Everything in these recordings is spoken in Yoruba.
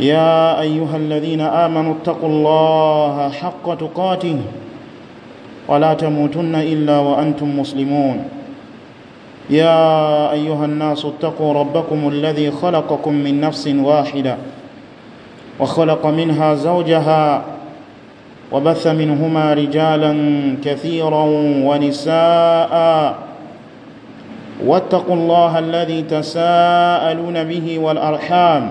يا ايها الذين امنوا اتقوا الله حق تقاته ولا تموتن الا وانتم مسلمون يا ايها الناس اتقوا ربكم الذي خلقكم من نفس واحده وخلق منها زوجها وبث منهما رجالا كثيرا ونساء واتقوا الله الذي تساءلون به والارحام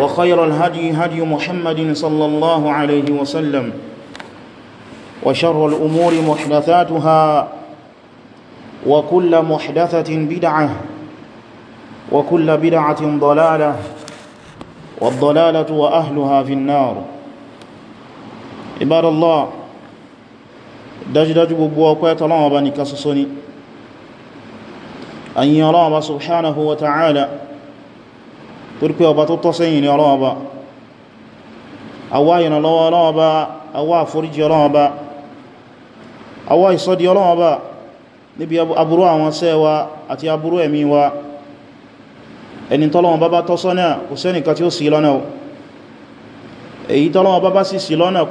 وخير الهدي هدي محمد صلى الله عليه وسلم وشر الأمور محدثاتها وكل محدثة بدعة وكل بدعة ضلالة والضلالة وأهلها في النار عباد الله دجدج gbogbo ọpẹ́ tọ́lọ́wọ́ bá ní kásọ́sọ́ ni an torí pé ọba tó tọ́ sẹ́yìn ni Ọlọ́run Ọba awá ìrànlọ́wọ́ Ọlọ́run Ọba awá àforíjì Ọlọ́run Ọba awá ìsọ́dí Ọlọ́run Ọba níbi aburú àwọn sẹ́wa àti aburú ẹ̀mí wa ẹni tọ́lọ́wọ́n bá bá tọ́ sọ́nà kò sẹ́nìkan tí ó ṣì lọ́nà èyí tọ́lọ́wọ́n bá bá sì ṣì lọ́nà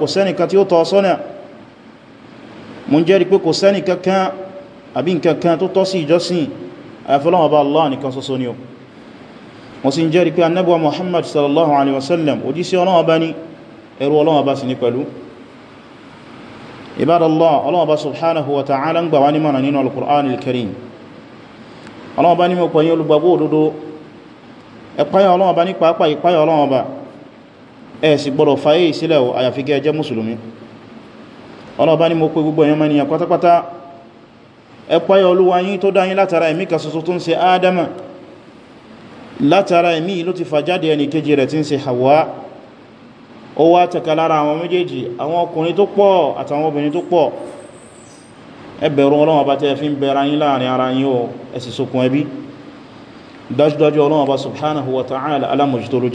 wọ́n sì ń jẹ́rì pé annabuwa muhammad sallallahu alaihi wasallam òjíṣẹ́ ọlọ́wọ́ bá ní ẹrú ọlọ́wọ́ bá sì ní pẹ̀lú ibadallah ọlọ́wọ́ bá subhanahu wa ta'ala ń gbà wá ní mọ̀nà nínú gbogbo ẹ̀yàn mẹ́niyàn pátápátá ẹ̀páyà olúwa yín tó dáyín látara ẹ̀mí kan tó ń ṣe ádámà látara ẹ̀mí ló ti fàjáde ẹni kejì rẹ̀ tí ń ṣe Hawa ó wá tẹ̀ka lára àwọn méjèèjì àwọn ọkùnrin tó pọ̀ àtàwọn obìnrin tó pọ̀ ẹ bẹ̀rù Ọlọ́run Ọba tẹ́ fi ń bẹ̀ra yín láàrin ara yín o ẹ sì ṣokùn ẹbí dájúdájú Ọlọ́run Ọba subhanahu wa ta'ala alámòjútó ló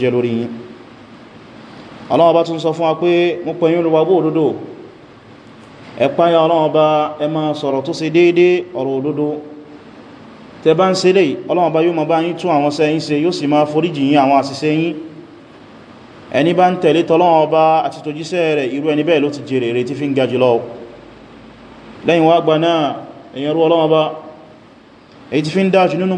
tẹ bá ń ṣe lè Ọlọ́run bá yóò máa bá yín tún àwọn ṣẹ́ yín ṣe yóò sì máa foríjì yín àwọn àṣìṣe yín ẹni bá ń tẹ̀lé tọ́lọ́run ọba àti tòjíṣẹ́ rẹ̀ irú ẹni bẹ́ẹ̀ ló ti jèrè rẹ̀ tí fi ń ga jùlọ lẹ́yìn wá gbà náà èyàn rú Ọlọ́run ọba èyí tí fi ń dájú nínú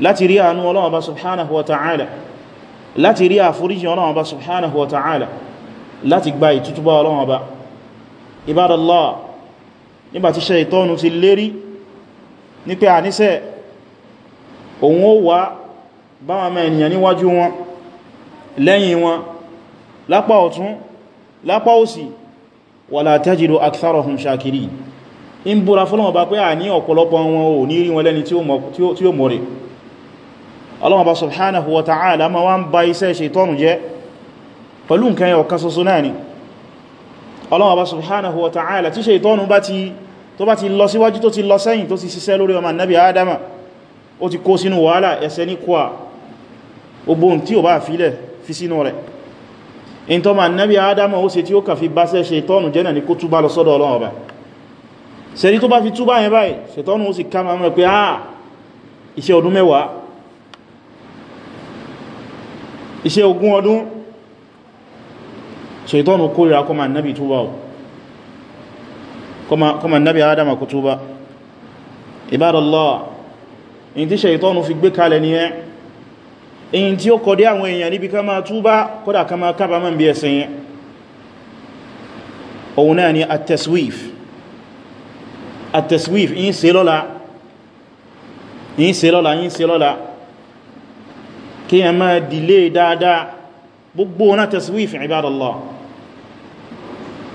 láti rí àánú Ọlọ́run Ọba subhanahu wa ta'ala láti rí àforíjì Ọlọ́run Ọba subhanahu wa ta'ala láti gba ìtútúbà Ọlọ́run Ọba ibadallah nígbàtí ṣaitọ́nu ti lérí ní pé àníṣẹ́ òun ó wá báwọn mẹ́ ènìyàn níwájú wọn lẹ́yìn wọn lápá ọ̀tún lápá òsì wala tajidu aktharahum shakirin in búra fọ́lọ́wọ́ bá pé à ní ọ̀pọ̀lọpọ̀ wọn ò ní rí wọn lẹ́ni tí ó mọ̀ ọlọ́wọ́n bá subhanahu wa ta'ala ma wá ń ba iṣẹ́ ṣètọ́nù jẹ́ pẹ̀lú nǹkan yọ kan soso náà ni ọlọ́wọ́n bá subhanahu wa ta'ala tí ṣètọ́nù tó bá ti lọ síwájú tó ti lọ sẹ́yìn tó ti ṣiṣẹ́ lórí ọmọ nabi adama ó ti kó sínú wàhálà ẹsẹ̀ ní kwa ogbóhun tí ó bá filẹ̀ fi sínú rẹ̀ in tó ma nabi adama ó ṣe tí ó kà fi báṣẹ́ ṣètọ́nù jẹ́ náà ni kó túbá lọ sọ́dọ̀ ọlọ́wọ́n bá iṣẹ́ ogún ọdún ṣètọ́nù kórìíra kọmà nábi túbá ò kọmà nábi adama kò túbá ibadallá in tí ṣètọ́nù fi gbé kalẹ̀ ní ẹ́ in tí ó kọ̀dé àwọn èèyàn níbi ká máa túbá kódà ká máa kábà mọ́ bí ẹ̀sìn yẹn òun náà ni at-taswif at kí ẹ máa dìlé dáadáa gbogbo náà taswif ibadallah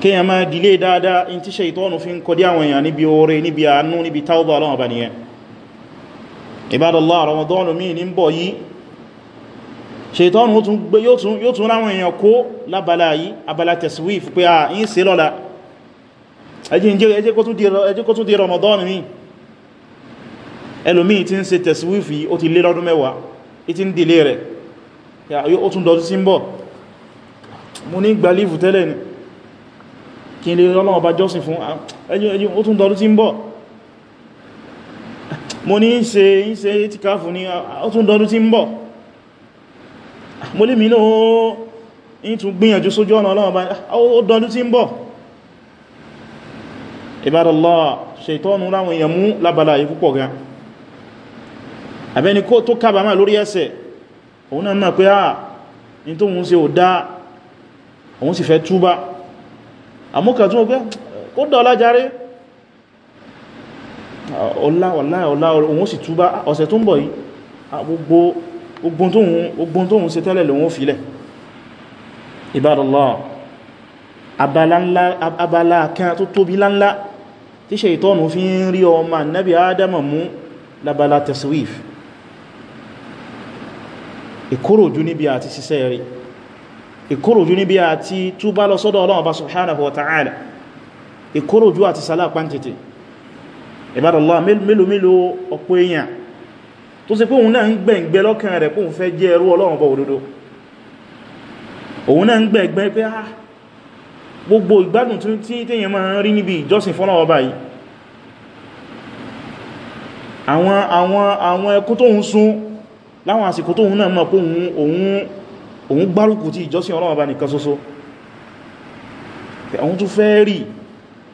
kí ẹ máa dìlé dáadáa in ti ṣaitọ́nù fi ń kọdí àwọn èèyàn níbi oore níbi àánú níbi tawba ọlọ́wọ́ bá nìyẹn ibadallah ramadanu mi ní bọ̀ yìí ah, ẹlòmí ti ń ṣe taswif ó ti lé lọ́dún mẹ́wàá ìtí ń dìlé rẹ̀ ó tún dọ̀tún sí ń bọ̀ mo ní gbà lífù tẹ́lẹ̀ ni kí n lè rọ́lọ́wọ́ bá jọ́sìn fún ah, ó tún dọ̀tún sí ń bọ̀ mo ní ṣe ń ṣe ìtìkáfù ní ah, ó tún dọ̀tún sí ń bọ̀ mo lè mìíràn ó tún gbìyànjú sójú ọ̀nà ọlọ́wọ́ bá ah, ó dọ̀tún sí ń bọ̀ Ibadallah ṣètọ́nù láwọn èèyàn mú lábàlá yìí gan àbẹ́ni kó tó kábàámà lórí ẹ̀ṣẹ̀ òun náà mọ̀ pé à ah, ní tó ń ṣe ò dá òun sì fẹ́ túbá àmúkà tún ọgbẹ́ ó dá ọlá jàre ọlá ọlá ọlá òun sì túbá ah, ọ̀sẹ̀ tó ń bọ̀ yìí ah, gbogbo tó ń ṣe tẹ́lẹ̀ lòun fìlẹ̀ Ibadallah abala kan tó tóbi láńlá tí ìtọ́nù fi ń rí ọmọ annabi Adam labala taswif ìkórójú níbi àti ṣiṣẹ́ rẹ̀ ìkórójú níbi àti túbá lọ sọ́dọ̀ Ọlọ́run Ọba subhanahu wa ta'ala ìkórójú àti sàlápá tètè ìbádọ̀lá mélòó mélòó ọ̀pọ̀ èèyàn tó ṣe pé òun náà ń gbẹ̀ǹgbẹ́ lọ́kàn rẹ̀ pé òun fẹ́ jẹ́ ẹrú Ọlọ́run Ọba òdodo òun náà ń gbẹ̀ǹgbẹ́ pé á ah, gbogbo ìgbádùn tí téèyàn máa ń rí níbi ìjọsìn fún Ọlọ́run Ọba yìí àwọn àwọn àwọn ẹkú tó ń sun láwọn àsìkò tóhun náà mọ̀ pé òun gbárùkù tí ìjọsìn Ọlọ́run bá nìkan ṣoṣo àwọn tó fẹ́ rí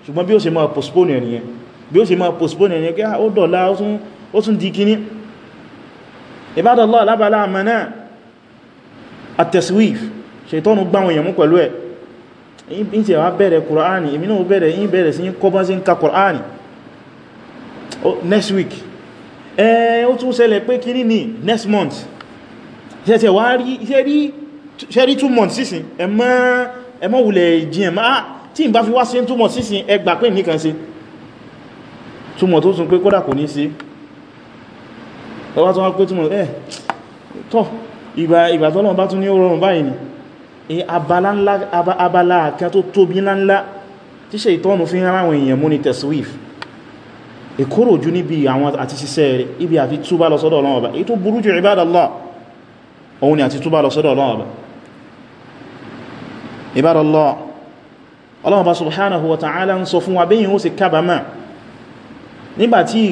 ṣùgbọ́n bí ó ṣe máa postpone ẹniyẹn bí ó ṣe máa postpone ẹniyẹn kí ah, ó dọ̀lá ó tún di kíní Ibadallah lábàlá ó tún ṣẹlẹ̀ pé kí ní next month ṣẹ̀ṣẹ̀ wá rí ṣe rí two months sísìn ẹmọ́ wulẹ̀ jí ẹmọ́ ah, tí n bá fi wá sí two months sísìn ẹgbà pé nìkan sí two months tó tún pé kódà kò ní sí ọwá tó wá pé two months ẹ̀ eh, tọ́ ìgbà tọ́lọ̀ bá tún ní ó rọrùn báyìí ni abala kan tó tóbi ńláńlá tí ṣe ìtọ́nù fi ń ráwọn èèyàn mú ni teswif ìkúrò ojú níbi àwọn àti ṣiṣẹ́ rẹ̀ ibi àti túbá lọ sọ́dọ̀ Ọlọ́run Ọba èyí tó burú jù ìbádàlá òun ni àti túbá lọ sọ́dọ̀ Ọlọ́run Ọba ìbádàlá Ọlọ́run Ọba subhanahu wa ta'ala ń sọ fún wa bí yíò sì kábàmà nígbàtí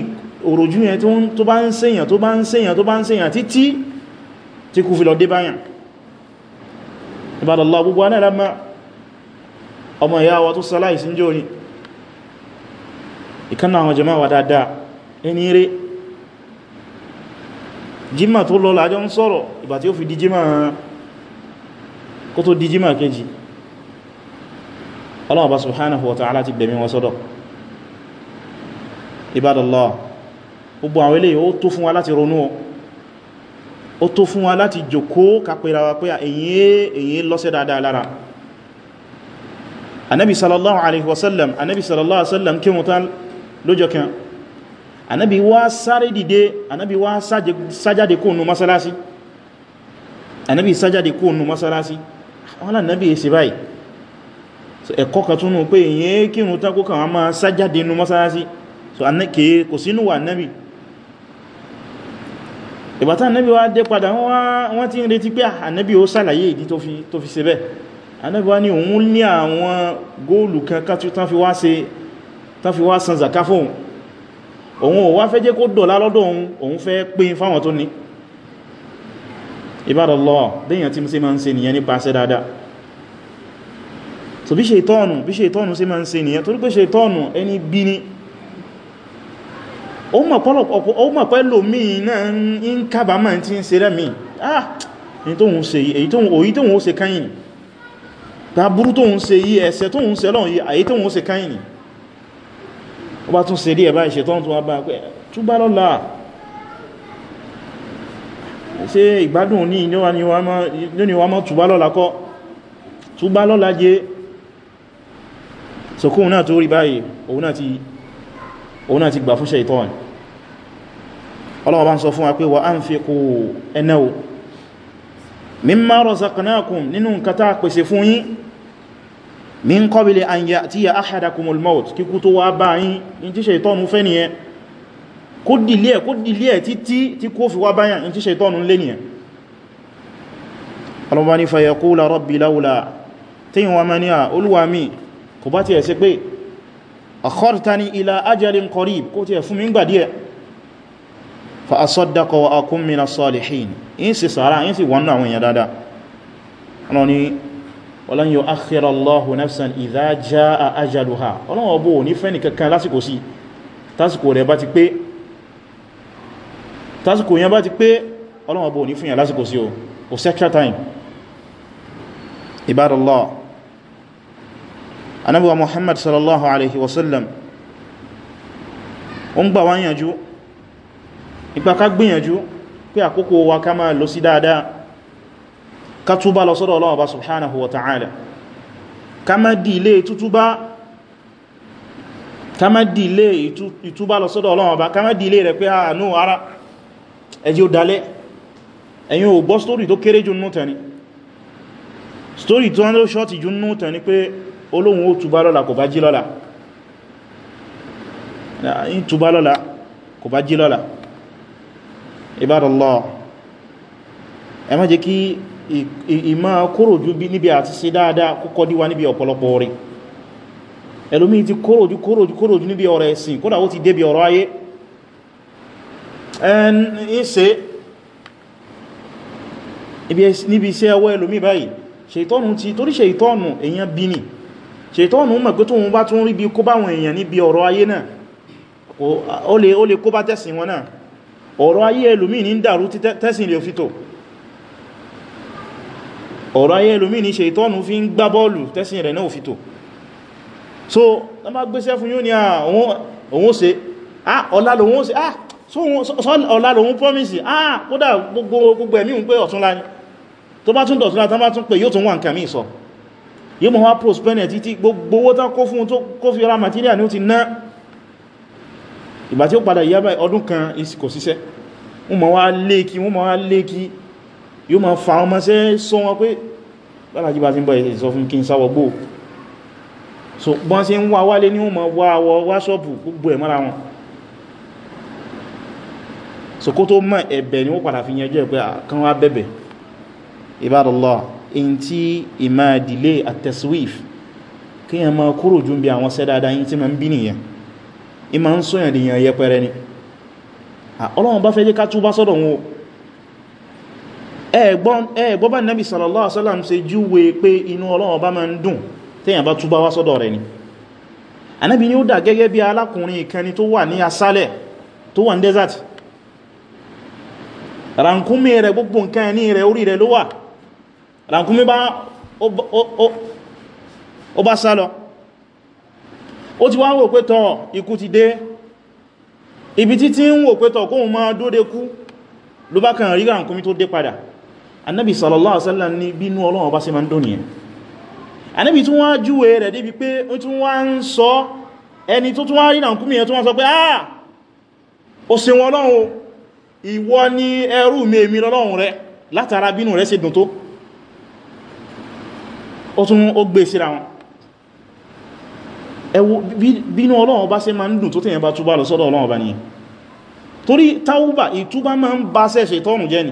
òròjú yẹn tó bá ń ṣèyàn tó bá ń ṣèyàn tó bá ń ọmọ ìyá wa tó sáláìsí ń jẹ́ orin ìkánná àwọn jama'a wà dáadáa ẹni rẹ̀ jímà tó lọ lájọ́ ń sọ̀rọ̀ ìgbà tí ó fi di jímà kó tó di jímà kejì Allah bá subhanahu wa ta'ala ti gbẹ̀mí wọn sọ́dọ̀ ibadallah gbogbo àwọn eléyìí ó tó fún wa láti ronú ó tó fún wa láti jókòó kàpẹ̀rà wa pé èyí sallallahu alaihi wasallam anábi sallallahu alaihi wasallam kí mú tán lọ́jọ́ kan anábi wá sáré dìde anábi wá sájáde kó nù masalasi anábi sájáde kó nù masalasi wọ́n lánàbí èsì báyìí ẹ̀kọ́ kan túnú pé èyí kírun tákó kan a máa sájáde nù masalasi so anẹ́kẹ́ kò sínú wà nábi ìbátá anábi wá dé padà wọ́n ti ń retí pé anábi ah, ó sàlàyé ìdí tó fi ṣe bẹ́ẹ̀ anábi wá ní òun ní àwọn góòlù kan kátú fi wá ṣe tán fi wá san zaka fóun òun ò wá fẹ́ jẹ́ kó dọ̀lá lọ́dọ̀ òun òun fẹ́ pín fáwọn tó ní Ibadallah déyàn tí ṣe máa ń ṣe nìyẹn nípa ṣe dáadáa so bí ṣe ìtọ́nù bí ṣe ìtọ́nù ṣe máa ń ṣe nìyẹn torí pé ṣe ìtọ́nù ẹni bí ní ó mọ̀ pẹ́lò míì náà ń kábàámà tí ń ṣe rẹ̀mí ah èyí tóhun ṣe káyìn ni ó bá tún ṣe díẹ̀ báyìí ṣetán tún wá bá pẹ́ túbá lọ́la ṣe ìgbádùn ní ní wa mọ́ túbá lọ́la kọ́ túbá lọ́la jẹ́ sọkún náà tó rí báyìí òun náà ti gbà fún ṣetán ọlọ́wọ́ bá ń sọ fún wa pé wa anfiqu ẹnẹ́ o mimma razaqnakum nínú nǹkan tá pèsè fún yín min qabli an ya'tiya ahadakumul maut kíkú tó wá bá yín in tí ṣaitọ́nù fẹ́ nìyẹn kó dìlé ẹ̀ kó dìlé ẹ̀ títí tí kó fi wá báyàn in tí ṣaitọ́nù lé nìyẹn ọlọ́bá ní fayaqula rabbi laula tí wọ́n mẹ́ ní à olúwa mi kò bá ti ẹ̀ walan yu'akhkhira Allahu nafsan idha jaa ajaluha ọlọ́wọ́ bó ní fẹ́ nìkankan lásìkò sí tásìkò rẹ̀ bá ti pé tásìkò yẹn bá ti pé ọlọ́wọ́ bó ní fìyàn lásìkò sí o second time ibadallah anábíwa Muhammad sallallahu alaihi wasallam ó ń gbà wá yànjú ipa pé àkókò wa ká máa lọ sí dáadáa ká túbá lọ sọ́dọ̀ Ọlọ́run Ọba subhanahu wa ta'ala ká má dì ilé ìtúbá lọ sọ́dọ̀ Ọlọ́run Ọba ká má dì ilé rẹ̀ pé àánú ara ẹjí ó dalẹ́ ẹ̀yin ò gbọ́ stórí tó kéré jù nú tẹni tó ń ló ṣọ́tì jù nú pé olóhun ó túbá lọ́la kò bá jí lọ́la Ibadallah ẹ má jẹ́ kí ìmá kúrò jú bí níbi àti ṣe dáadáa kúkọ́ díwá níbi ọ̀pọ̀lọpọ̀ rẹ̀ ẹlòmí ti kúrò jú kúrò jú kúrò jú níbi ọ̀rọ̀ ẹ̀sìn kódà ó ti débi ọ̀rọ̀ ayé níbi iṣẹ́ ọwọ́ ẹlòmí báyìí ṣètọ́nù ti torí ṣètọ́nù èèyàn bí ni ṣètọ́nù mọ̀ pé tóun bá tún rí bí kó báwọn èèyàn níbi ọ̀rọ̀ ayé náà ó lè kó bá tẹ̀sìn wọn náà ọ̀rọ̀ ayé ẹlòmí ní ọ̀rọ̀ ayé ẹlòmí ní ṣe ìtọ́nù fi ń gbá bọ́ọ̀lù tẹ́sìn rẹ̀ náà fìtò so wọ́n bá gbéṣẹ́ fún yóò ní àwọn ṣe ọ̀lá lòun ṣe ọ̀lá lòun promise ah kódà gbogbo ẹ̀mí ń pé ọ̀túnlá ni tó bá tún dọ̀túnlá tán bá tún pé yóò tún wà nǹkan mí sọ yóò mọ̀ wá prospect títí gbogbo owó tán kó fún tó kó fi ra material ní ó ti ná ìgbà tí ó padà ìyá ọdún kan kò síṣẹ́ wọ́n mọ̀ wá lé kí wọ́n yóò ma fa ọmọ sẹ́ sọ wọn pé bálájí bá ti ń bọ̀ ìsẹ̀ sọ fún kí n sáwọ gbóò so bọ́n sí ń wá wálé ní ọmọ wá wọ wáṣọ́pù gbogbo ẹ̀ mọ́ra wọn so kó tó mọ́ ẹ̀bẹ̀ ni ó padà fi yẹjọ́ pé kan wá bẹ̀bẹ̀ ibadallah in ti ìmá dìlé àtẹ̀síwìf kí yẹn ma kúrò jù bí àwọn sẹ́ dáadáa yìí tí ma ń bí nìyẹn ìmá ń sóyàn dìyàn yẹpẹrẹ ni ọlọ́run bá fẹ́ jẹ́ ká túbá sọ́dọ̀ ẹgbọ́bá nẹ́bí sallallahu alaihi wasallam ṣe júwe pé inú Ọlọ́run bá máa ń dùn tẹ́yàn bá túbá wá sọ́dọ̀ rẹ̀ ni Ànábì ni ó dà gẹ́gẹ́ bí alákùnrin ìkẹni tó wà ní asálẹ̀ tó wà ní desert rankumi rẹ̀ gbogbo nǹkan ẹni rẹ̀ orí rẹ̀ ló wà rankumi bá ó bá sálọ ó ti wá wò pé tọ́ ikú ti dé ibi títí ń wò pé tọ́ kóhun máa dóde kú ló bá kàn rí rankumi tó dé padà annabi sallallahu alaihi wasallam ní bínú Ọlọ́run bá ṣe máa ń dùn nìyẹn annabi tún wá júwe rẹ̀ débi pé ó tún wá ń sọ ẹni tó tún wá rí nàkúmí ẹ̀ tó wọ́n sọ pé ah ó ṣe wọn Ọlọ́run ìwọ ni ẹrú mẹ́mí lọ́lọ́run rẹ̀ látara bínú rẹ̀ ṣe dùn tó ó tún ó gbé e síra wọn ẹ wo bínú Ọlọ́run bá ṣe máa ń dùn tó tẹ̀yẹn bá túbá lọ sọ́dọ̀ Ọlọ́run bá nìyẹn torí táúbà ìtúbá máa ń bá sẹ́ṣẹ̀ tọ́rùn ni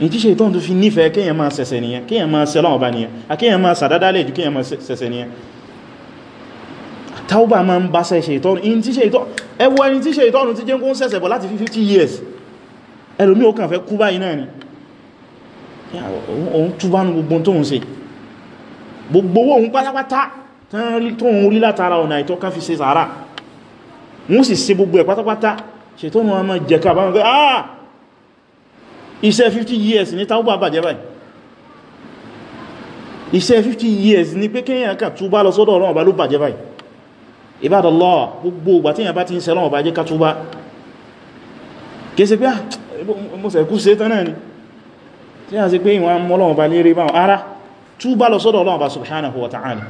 èyí tí ṣètọ́n tó fi nífẹ̀ẹ́ kíyàn máa sẹ̀sẹ̀ nìyàn kíyàn máa sẹ́lọ́n ọba nìyàn àkíyàn máa sàdádálẹ̀ jù kíyàn máa sẹ̀sẹ̀ nìyàn taubá máa ń bá sẹ́ ṣètọ́n ẹwọ ẹni tí ṣètọ́n ti jẹ́ kó ń sẹ̀sẹ̀ bọ̀ láti 50 years ẹlòmí ó kàn fẹ́ kú báyìí náà ni òun túbá nu gbogbo tóun ṣe gbogbo owó òun pátápátá tóun rí látara ọ̀nà ìtọ́ kan fi ṣe sàárà wọ́n sì ṣe gbogbo ẹ̀ pátápátá ṣètọ́n wọn máa jẹ́ ká bá wọn pé ah iṣẹ́ 50 years ní tàúbà bàjẹ́ báyìí iṣẹ́ 50 years ní pé kíyàn ká túbá lọ sọ́dọ̀ Ọlọ́run bá ló bàjẹ́ báyìí Ibadallah gbogbo ìgbà tíyàn bá ti ń sẹ́lọ́wọ̀ bá jẹ́ ká túbá kéèsè pé ah, mọ́sẹ̀kú se tán náà ni ara túbá lọ sọ́dọ̀ Ọlọ́run wa ta'ala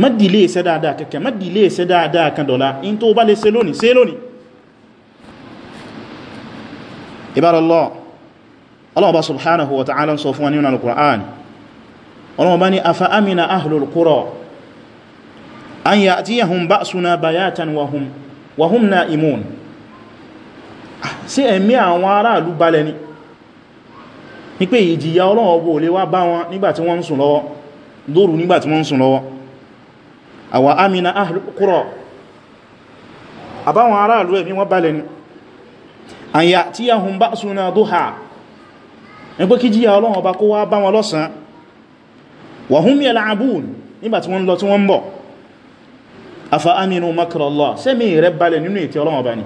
mọ́dílé ìṣẹ́ dáadáa kẹ́kẹ́ mọ́dílé ìṣẹ́ dáadáa kan dọ̀la in tó bá lè ṣe ibadallah Allah bá subhanahu wa ta'ala sọ fún wa nínú al-Qur'an Allah bá ní afa amina ahlul qura an ya'tiyahum ba'suna bayatan wa hum wa hum na'imun ah, ṣé ẹ̀mí àwọn ará ìlú balẹ̀ ni ní pé ìjìyà Ọlọ́run ọba ò lè wá àyà tí a hùn bá súnà dóhà ní pé kí jíyà ọlọ́run ọba kó wá bá wọn lọ́sàn wà hún yẹ la'abun nígbà tí wọ́n lọ tí wọ́n bọ̀ afa aminu makarallah sẹ́mi rẹ̀ balẹ̀ nínú ètì ọlọ́run ọba ni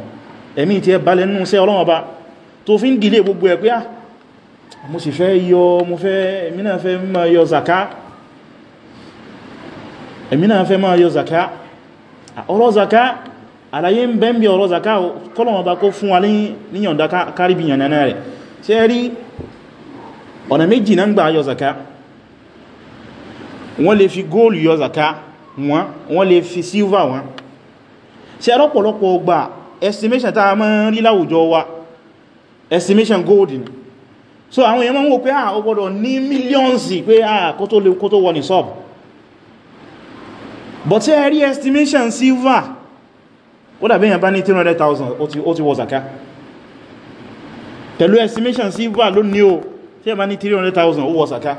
ẹ̀mí àlàyé ń bẹ́ ń bí ọ̀rọ̀ zaka kọ́lọ̀wọ́n bá kó fún wa níyànda kárìbì yànnà rẹ̀ ṣe rí ọ̀nà méjì náà ń gbà yọ zaka wọ́n lè fi góòlù yọ wọ́n lè fi sílvà wọ́n ṣe rọ́pọ̀lọpọ̀ ọgbà estimation tá a rí láwùjọ wa estimation golden, so àwọn èèyàn máa ń wò pé à ó gbọ́dọ̀ ní millions pé à kó tó lè kó sub but ẹ rí estimation silver ó dàbí èyàn bá ní 300,000 ó ti wọ zaka pẹ̀lú estimation sí wà ló ní o tí ẹ bá ní 300,000 ó wọ zaka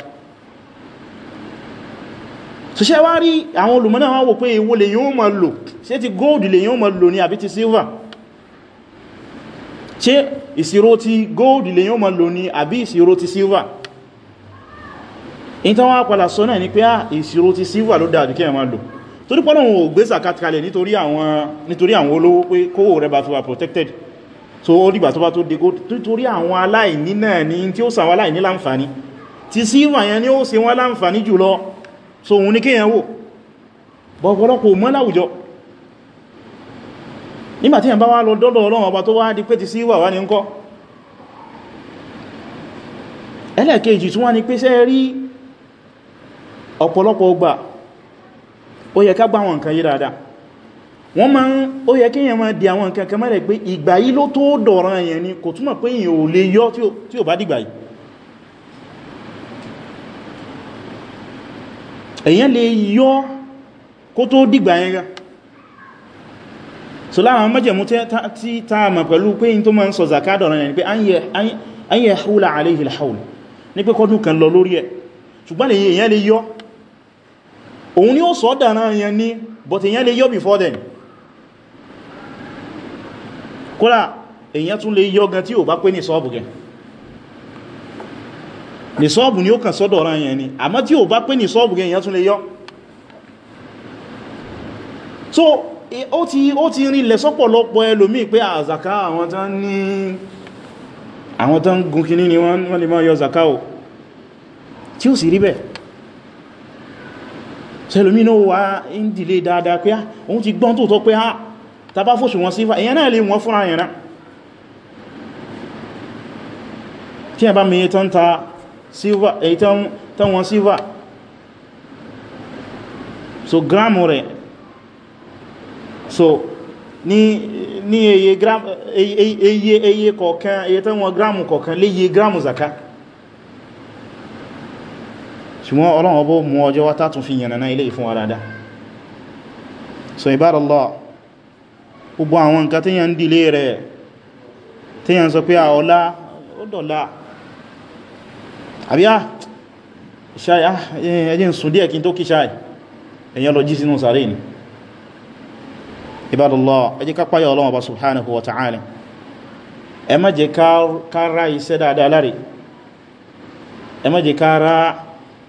so ṣe wá rí àwọn olùmọ́nà wọ́n wò pé èwo lè yíò mọ̀ lò ṣe ti gold lè yíò mọ̀ lò ní àbí ti silver ṣe ìṣirò ti gold lè yíò mọ̀ lò ní àbí ìṣirò ti silver in tán wọ́n apàlà sọ náà ni pé ah, ìṣirò ti silver ló dáadù kí ẹ máa lò torí pọ́lọ̀wọ̀n ò gbé zakat kalẹ̀ nítorí àwọn olówó pé kówó rẹ̀ bá fi wà protected so ó dìgbà tó bá tó dégó nítorí àwọn aláìní náà ni tí ó sàwọn aláìní láǹfàní ti sí ìwàyàn ni ó ṣe wọ́n láǹfàní jùlọ so òun ní kíyàn wò bọ̀pọ̀lọpọ̀ mọ́ láwùjọ nígbàtí yàn bá wá lọ dọ́dọ̀ Ọlọ́run ọba tó wá di pé ti sí ọ̀pọ̀lọpọ̀ ọgbà ó yẹ ká gbá àwọn nǹkan yìí dáadáa wọ́n ma ń ó yẹ kí èyàn máa di àwọn nǹkan kan mẹ́rẹ̀ pé ìgbà yìí ló tó dọ̀ràn èyàn ni kò túmọ̀ pé èyàn ò lè yọ tí ò bá dìgbà yìí èyàn lè yọ kó tó dìgbà yẹn gan so láwọn mẹ́jẹ̀mú tí ta mọ̀ pẹ̀lú pé in tó ma ń sọ zaka òun ni ó sọ dára yẹn ní but èyàn lè yọ before then kódà èyàn tún lè yọ gan tí ò bá pé ní sọ́ọ̀bù gan ní sọ́ọ̀bù ni ó kàn sọ́dọ̀ ọ̀rọ̀ yẹn ni àmọ́ tí ò bá pé ní sọ́ọ̀bù gan èyàn tún lè yọ so ó ti ó ti rin lẹ̀ sọ́pọ̀lọpọ̀ ẹlòmíì pé àzàká ah, àwọn tán ní àwọn tán gùn kìíní ni wọ́n lè máa yọ zàká tí ó sì rí bẹ́ẹ̀ sẹlòmínà wà ń dìlé dáadáa pé ohun ah, ti gbọ́n tó tọ́ pé ha ah, tàbá fòṣù wọn sífà èyàn náà lè wọ́n fúnra ẹ̀rán tí ẹ̀bá mẹ́yẹ tán ta sífà èyí tán wọn sífà so gram rẹ̀ so ní ní eye gram eye eye kọ̀ọ̀kan eye tán wọn gramu kọ̀ọ̀kan lè yẹ gramu zaka ṣùgbọ́n ọlọ́run ọbọ̀ mú ọjọ́ wátá tún fi yànnà ilé ìfún àrádá so ibadallah gbogbo àwọn nǹkan tí yàn ń dìlé rẹ̀ tí yàn sọ pé àọlá ó dọ̀lá àbíyá ṣáyá ẹjẹ́ ń sùn díẹ̀ kí n tó kí ṣáì èyàn lọ jí sínú sàárè ni ibadallah ẹ jẹ́ ká páyà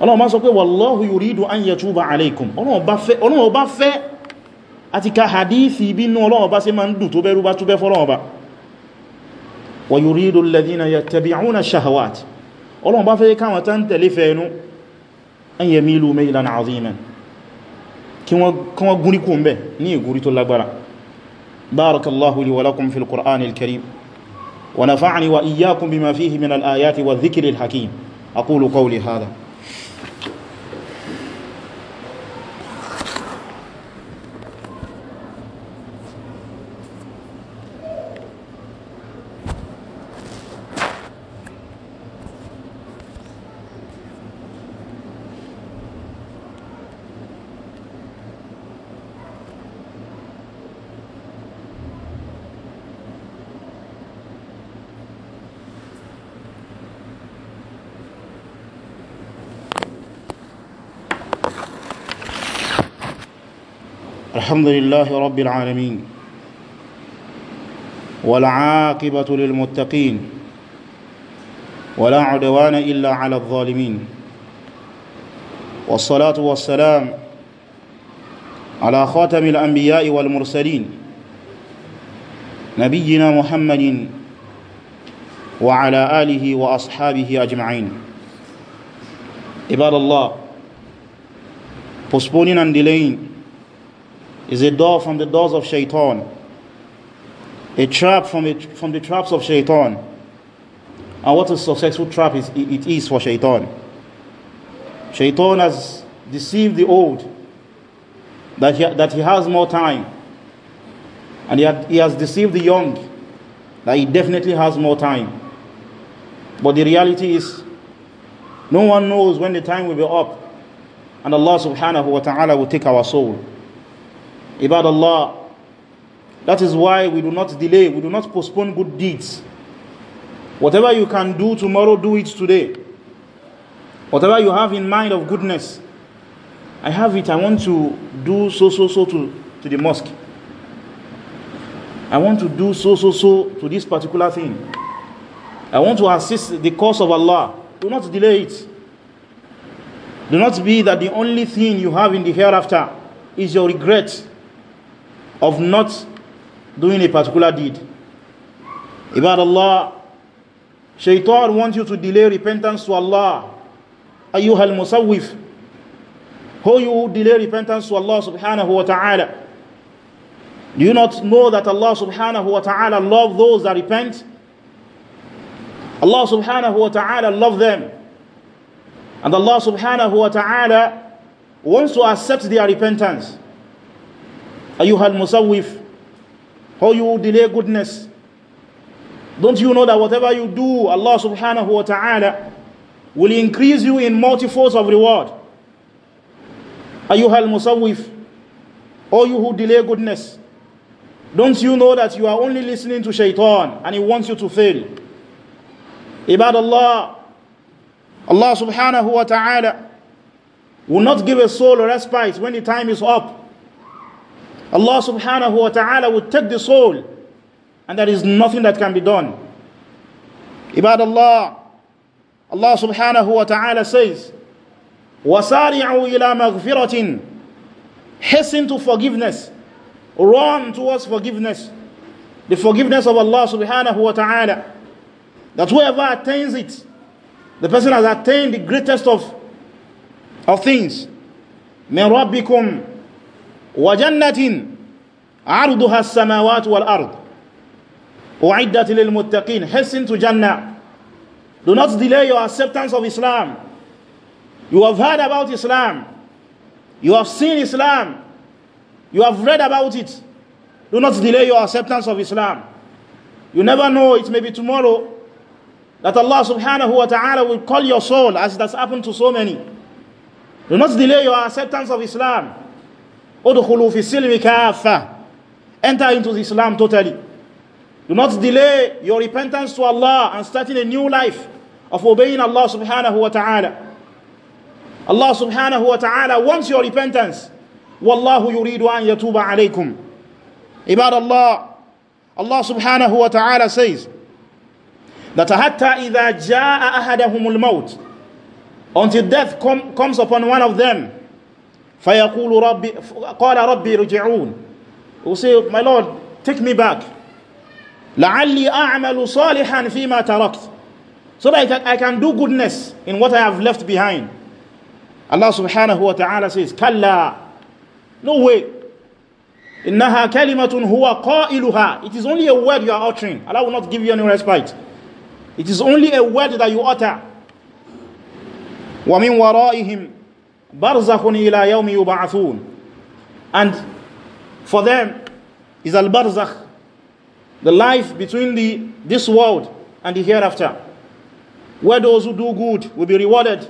ọlọ́wọ́ bá sọ pé wallahu yuridu an yatuba alaykum ọlọ́wọ́ bá fẹ́ àti ka hadithi bínú ọlọ́wọ́ bá ṣe ma ń dùn tó bẹ́rú bá túbẹ́ fọ́lọ́wọ́ bá wa yuridu alladhina yattabi'una shahawat ọlọ́wọ́ bá fẹ́ káwọn tán tẹ̀lé fẹ́ẹ̀nú an yamilu maylan aziman kí wọ́n gúrí kún bẹ́ ní ìgúrí tó lágbára barakallahu li wa lakum fil qur'anil الحمد لله رب العالمين والعاقبة للمتقين ولا عدوان إلا على الظالمين والصلاة والسلام على خاتم الأنبياء والمرسلين نبينا محمد وعلى آله وأصحابه أجمعين عباد الله postponing and delaying is a door from the doors of shaitan, a trap from, it, from the traps of shaitan. And what a successful trap is, it is for shaitan. Shaitan has deceived the old that he, that he has more time, and he, had, he has deceived the young that he definitely has more time. But the reality is, no one knows when the time will be up, and Allah subhanahu wa ta'ala will take our soul. Ibad Allah. That is why we do not delay, we do not postpone good deeds. Whatever you can do tomorrow, do it today. Whatever you have in mind of goodness, I have it, I want to do so, so, so to, to the mosque. I want to do so, so, so to this particular thing. I want to assist the cause of Allah. Do not delay it. Do not be that the only thing you have in the hereafter is your regret of not doing a particular deed. Ibad Allah, Shaitan wants you to delay repentance to Allah. Ayyuhal Musawif, How you delay repentance to Allah subhanahu wa ta'ala. Do you not know that Allah subhanahu wa ta'ala love those that repent? Allah subhanahu wa ta'ala love them. And Allah subhanahu wa ta'ala wants to accept their repentance. Ayuhal Musawif, how you delay goodness. Don't you know that whatever you do, Allah subhanahu wa ta'ala will increase you in multiples of reward? Ayuhal Musawif, all you who delay goodness. Don't you know that you are only listening to shaitan and he wants you to fail? Ibad Allah, Allah subhanahu wa ta'ala will not give a soul a respite when the time is up. Allah subhanahu wa ta'ala would take the soul and there is nothing that can be done. Ibad Allah, Allah subhanahu wa ta'ala says, وَسَارِعُوا إِلَى مَغْفِرَةٍ Hasten to forgiveness. Run towards forgiveness. The forgiveness of Allah subhanahu wa ta'ala. That whoever attains it, the person has attained the greatest of, of things. مِنْ رَبِّكُمْ وجنة عرضها السماوات والأرض أعدت للمتقين حسن تجنة do not delay your acceptance of Islam you have heard about Islam you have seen Islam you have read about it do not delay your acceptance of Islam you never know it may be tomorrow that Allah subhanahu wa ta'ala will call your soul as it has happened to so many do not delay your acceptance of Islam udkhulu fi silmi kaffa enter into Islam totally do not delay your repentance to Allah and starting a new life of obeying Allah subhanahu wa ta'ala Allah subhanahu wa ta'ala wants your repentance wallahu yuridu an yatuba alaykum ibad Allah Allah subhanahu wa ta'ala says that hatta idha jaa al maut until death com comes upon one of them فيقول ربي قال ربي رجعون وسي ماي my lord take me back لعلي أعمل صالحا فيما تركت so that I can, I can do goodness in what I have left behind Allah subhanahu wa ta'ala says Kalla. no way Innaha kalimatun huwa qailuha. it is only a word you are uttering Allah will not give you any respite it is only a word that you utter ومن ورائهم barzakhun ila yawmi yub'athun and for them is al-barzakh the life between the this world and the hereafter where those who do good will be rewarded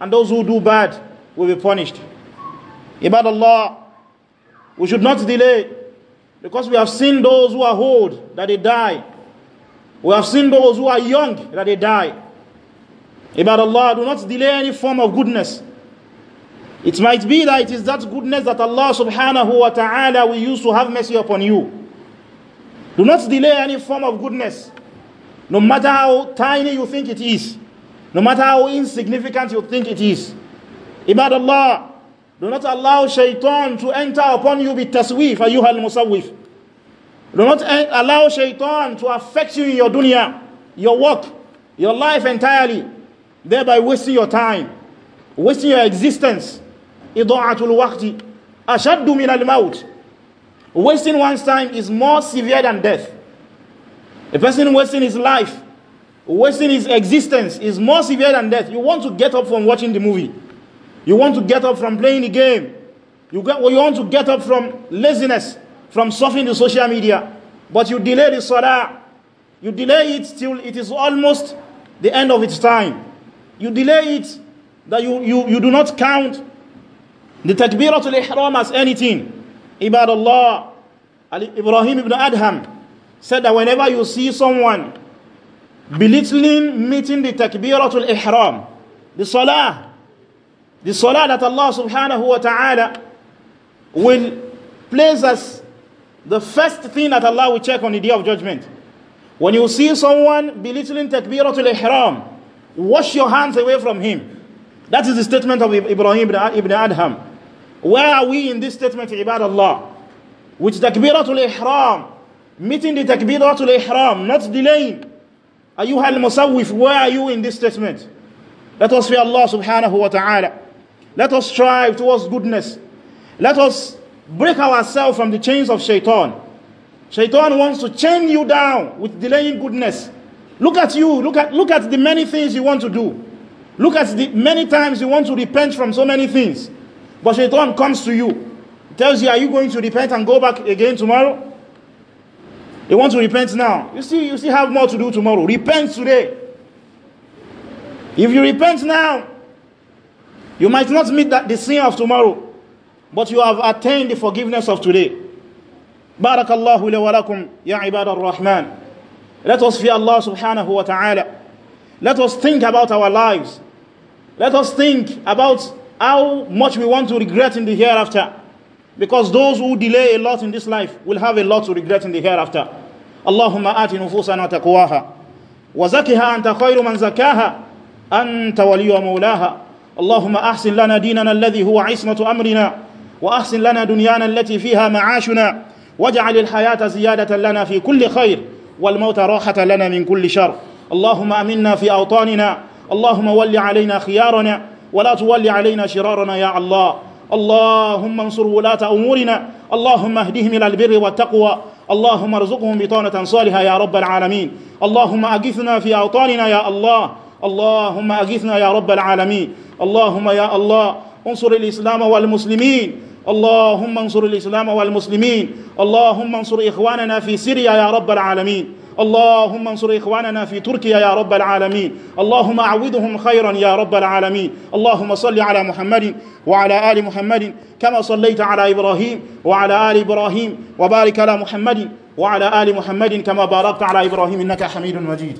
and those who do bad will be punished ibad allah we should not delay because we have seen those who are old that they die we have seen those who are young that they die ibad allah do not delay any form of goodness it might be that it is that goodness that Allah subhanahu wa ta'ala will use to have mercy upon you. Do not delay any form of goodness, no matter how tiny you think it is, no matter how insignificant you think it is. Ibad Allah, do not allow shaitan to enter upon you with taswif, ayyuha al-musawif. Do not allow shaitan to affect you in your dunya, your work, your life entirely, thereby wasting your time, wasting your existence ida'atul waqti ashaddu min al-maut wasting one's time is more severe than death a person wasting his life wasting his existence is more severe than death you want to get up from watching the movie you want to get up from playing the game you, get, well, you want to get up from laziness from surfing the social media but you delay the salah you delay it till it is almost the end of its time you delay it that you, you, you do not count the Takbiratul Ihram as anything. Ibad Allah, Ibrahim ibn Adham said that whenever you see someone belittling meeting the Takbiratul Ihram, the Salah, the Salah that Allah subhanahu wa ta'ala will place as the first thing that Allah will check on the Day of Judgment. When you see someone belittling Takbiratul Ihram, wash your hands away from him. That is the statement of Ibrahim ibn Adham. Where are we in this statement, Ibad Allah? Which takbiratul ihram, meeting the takbiratul ihram, not delaying. Ayuha al with where are you in this statement? Let us fear Allah subhanahu wa ta'ala. Let us strive towards goodness. Let us break ourselves from the chains of shaitan. Shaitan wants to chain you down with delaying goodness. Look at you. Look at, look at the many things you want to do. Look at the many times you want to repent from so many things. But shaitan comes to you, tells you, are you going to repent and go back again tomorrow? You want to repent now. You see, you still have more to do tomorrow. Repent today. If you repent now, you might not meet that, the sin of tomorrow, but you have attained the forgiveness of today. Barakallahu li ya ibad al rahman Let us fear Allah subhanahu wa ta'ala. Let us think about our lives. Let us think about how much we want to regret in the hereafter because those who delay a lot in this life will have a lot to regret in the hereafter اللهم آت نفوسنا تقواها وزكها أنت خير من زكاها أنت ولي مولاها اللهم أحسن لنا ديننا الذي هو عصمة أمرنا وأحسن لنا دنيانا التي فيها معاشنا واجعل الحياة زيادة لنا في كل خير والموت راحة لنا من كل شر اللهم أمنا في أوطاننا اللهم ول علينا خيارنا ولا تولي علينا شرارنا يا الله اللهم انصر ولاة أمورنا اللهم اهدهم إلى البر والتقوى اللهم ارزقهم بطانة صالحة يا رب العالمين اللهم أقثنا في أوطاننا يا الله اللهم أقثنا يا رب العالمين اللهم يا الله انصر الإسلام والمسلمين اللهم انصر الإسلام والمسلمين اللهم انصر إخواننا في سوريا يا رب العالمين اللهم انصر إخواننا في تركيا يا رب العالمين اللهم أعوذهم خيرا يا رب العالمين اللهم صل على محمد وعلى آل محمد كما صليت على إبراهيم وعلى آل إبراهيم وبارك على محمد وعلى آل محمد كما باركت على إبراهيم إنك حميد مجيد